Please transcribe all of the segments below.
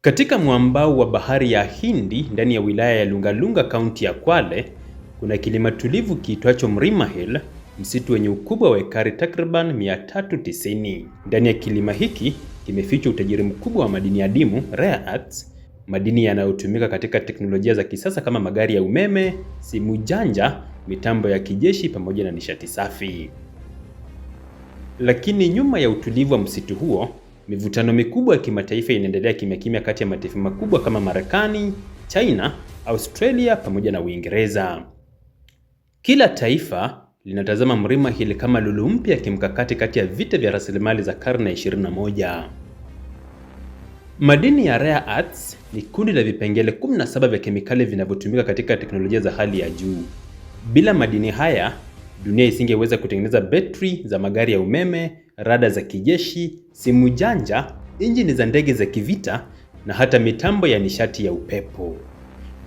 Katika mwambao wa bahari ya Hindi ndani ya wilaya ya Lungalunga kaunti ya Kwale kuna kilima tulivu kiitwacho Mrima Hill, msitu wenye ukubwa wa ekari takriban 390. Ndani ya kilima hiki kimefichwa utajiri mkubwa wa madini adimu rare earths, madini yanayotumika katika teknolojia za kisasa kama magari ya umeme, simu janja, mitambo ya kijeshi pamoja na nishati safi. Lakini nyuma ya utulivu wa msitu huo Mivutano mikubwa ya kimataifa inaendelea kimya kimya kati ya mataifa makubwa kama Marekani, China, Australia pamoja na Uingereza. Kila taifa linatazama mlima hili kama lulu mpya ya kimkakati kati ya vita vya rasilimali za karne ya 21. Madini ya rare earths ni kundi la vipengele 17 vya kemikali vinavyotumika katika teknolojia za hali ya juu. Bila madini haya dunia isingeweza kutengeneza betri za magari ya umeme, rada za kijeshi, simu janja, injini za ndege za kivita na hata mitambo ya nishati ya upepo.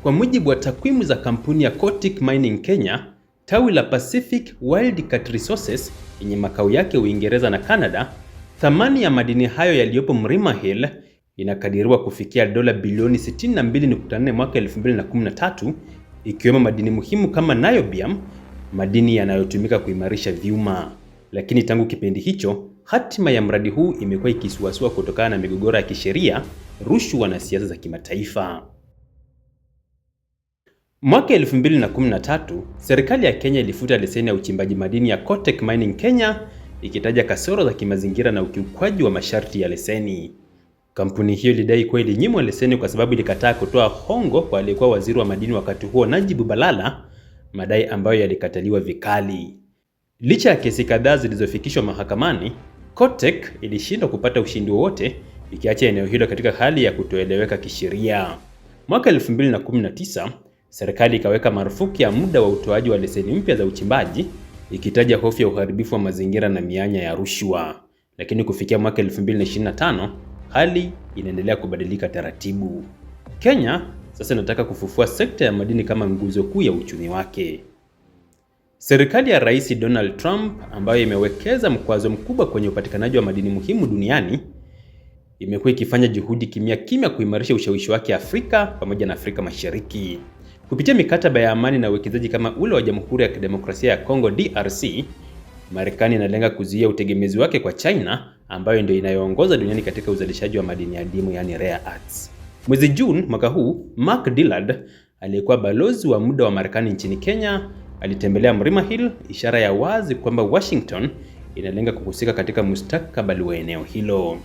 Kwa mujibu wa takwimu za kampuni ya Cotic Mining Kenya, tawi la Pacific Wildcat Resources yenye makao yake Uingereza na Canada, thamani ya madini hayo yaliyopo mrima Hill inakadiriwa kufikia dola bilioni 62.4 mwaka 2013, ikiwemo madini muhimu kama niobium madini yanayotumika kuimarisha vyuma. Lakini tangu kipindi hicho, hatima ya mradi huu imekuwa ikisuasua kutokana na migogoro ya kisheria, rushwa na siasa za kimataifa. Mwaka 2013, serikali ya Kenya ilifuta leseni ya uchimbaji madini ya Cotek Mining Kenya ikitaja kasoro za kimazingira na ukiukwaji wa masharti ya leseni. Kampuni hiyo ilidai kuwa ilinyimwa leseni kwa sababu ilikataa kutoa hongo kwa aliyekuwa waziri wa madini wakati huo, Najib Balala, madai ambayo yalikataliwa vikali. Licha ya kesi kadhaa zilizofikishwa mahakamani, Kotek ilishindwa kupata ushindi wowote, ikiacha eneo hilo katika hali ya kutoeleweka kisheria. Mwaka 2019 serikali ikaweka marufuku ya muda wa utoaji wa leseni mpya za uchimbaji, ikitaja hofu ya uharibifu wa mazingira na mianya ya rushwa. Lakini kufikia mwaka 2025 hali inaendelea kubadilika taratibu. Kenya sasa inataka kufufua sekta ya madini kama nguzo kuu ya uchumi wake. Serikali ya Rais Donald Trump ambayo imewekeza mkwazo mkubwa kwenye upatikanaji wa madini muhimu duniani imekuwa ikifanya juhudi kimya kimya kuimarisha ushawishi wake Afrika pamoja na Afrika Mashariki kupitia mikataba ya amani na uwekezaji kama ule wa Jamhuri ya Kidemokrasia ya Kongo DRC. Marekani inalenga kuzuia utegemezi wake kwa China ambayo ndio inayoongoza duniani katika uzalishaji wa madini adimu, yani rare earths. Mwezi Juni mwaka huu, Mark Dillard aliyekuwa balozi wa muda wa Marekani nchini Kenya alitembelea Mlima Hill, ishara ya wazi kwamba Washington inalenga kuhusika katika mustakabali wa eneo hilo.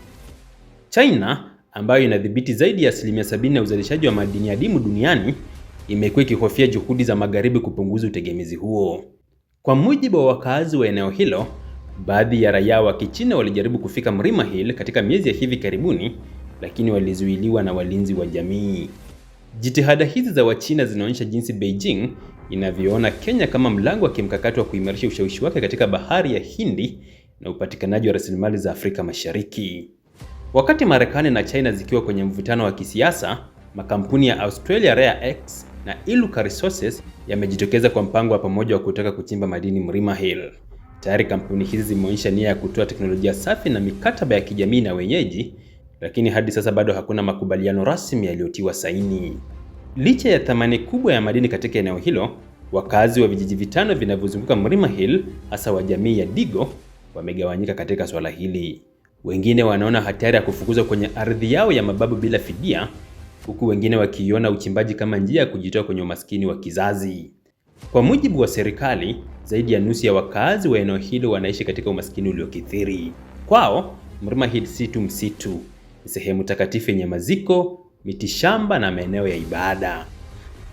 China ambayo inadhibiti zaidi ya asilimia sabini ya uzalishaji wa madini adimu duniani imekuwa ikihofia juhudi za magharibi kupunguza utegemezi huo. Kwa mujibu wa wakazi wa eneo hilo, baadhi ya raia wa Kichina walijaribu kufika Mlima Hill katika miezi ya hivi karibuni lakini walizuiliwa na walinzi wa jamii. Jitihada hizi za Wachina zinaonyesha jinsi Beijing inavyoona Kenya kama mlango wa kimkakati wa kuimarisha ushawishi wake katika bahari ya Hindi na upatikanaji wa rasilimali za Afrika Mashariki. Wakati Marekani na China zikiwa kwenye mvutano wa kisiasa, makampuni ya Australia Rare X na Iluka Resources yamejitokeza kwa mpango wa pamoja wa kutaka kuchimba madini Mlima Hill. Tayari kampuni hizi zimeonyesha nia ya kutoa teknolojia safi na mikataba ya kijamii na wenyeji lakini hadi sasa bado hakuna makubaliano rasmi yaliyotiwa saini. Licha ya thamani kubwa ya madini katika eneo hilo, wakazi wa vijiji vitano vinavyozunguka Mlima Hill, hasa wa jamii ya Digo, wamegawanyika katika swala hili. Wengine wanaona hatari ya kufukuzwa kwenye ardhi yao ya mababu bila fidia, huku wengine wakiiona uchimbaji kama njia ya kujitoa kwenye umaskini wa kizazi. Kwa mujibu wa serikali, zaidi ya nusu ya wakazi wa eneo hilo wanaishi katika umaskini uliokithiri. Kwao Mlima Hill si tu msitu ni sehemu takatifu yenye maziko, miti shamba na maeneo ya ibada.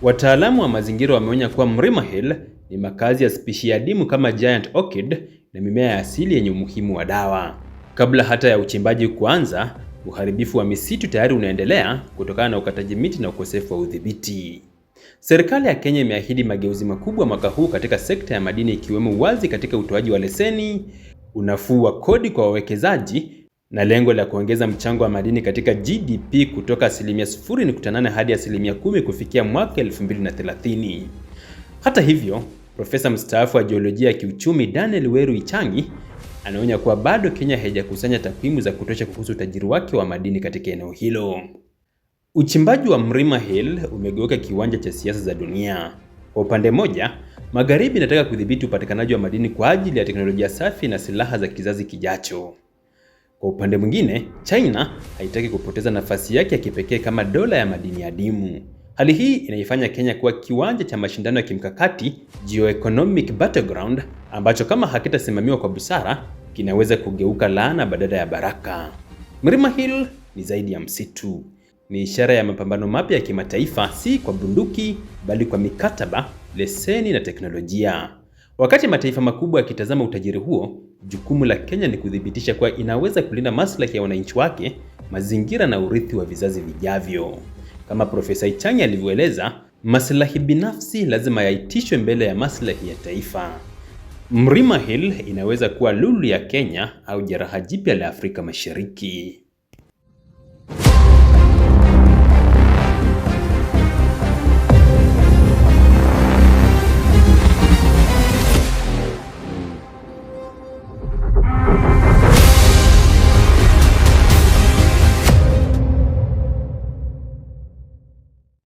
Wataalamu wa mazingira wameonya kuwa Mlima Hill ni makazi ya spishi adimu kama giant orchid na mimea ya asili yenye umuhimu wa dawa. Kabla hata ya uchimbaji kuanza, uharibifu wa misitu tayari unaendelea kutokana na ukataji miti na ukosefu wa udhibiti. Serikali ya Kenya imeahidi mageuzi makubwa mwaka huu katika sekta ya madini, ikiwemo uwazi katika utoaji wa leseni, unafuu wa kodi kwa wawekezaji na lengo la kuongeza mchango wa madini katika GDP kutoka asilimia 0.8 hadi asilimia 10 kufikia mwaka 2030. Hata hivyo, profesa mstaafu wa jiolojia ya kiuchumi Daniel Weru Ichangi anaonya kuwa bado Kenya haijakusanya takwimu za kutosha kuhusu utajiri wake wa madini katika eneo hilo. Uchimbaji wa Mlima Hill umegeuka kiwanja cha siasa za dunia. Kwa upande mmoja, magharibi inataka kudhibiti upatikanaji wa madini kwa ajili ya teknolojia safi na silaha za kizazi kijacho. Kwa upande mwingine, China haitaki kupoteza nafasi yake ya kipekee kama dola ya madini adimu. Hali hii inaifanya Kenya kuwa kiwanja cha mashindano ya kimkakati, geoeconomic battleground, ambacho kama hakitasimamiwa kwa busara, kinaweza kugeuka laana badala ya baraka. Mlima Hill ni zaidi ya msitu. Ni ishara ya mapambano mapya ya kimataifa, si kwa bunduki, bali kwa mikataba, leseni na teknolojia. Wakati mataifa makubwa yakitazama utajiri huo, Jukumu la Kenya ni kuthibitisha kuwa inaweza kulinda maslahi ya wananchi wake, mazingira na urithi wa vizazi vijavyo. Kama Profesa Ichangi alivyoeleza, maslahi binafsi lazima yaitishwe mbele ya maslahi ya taifa. Mlima Hill inaweza kuwa lulu ya Kenya au jeraha jipya la Afrika Mashariki.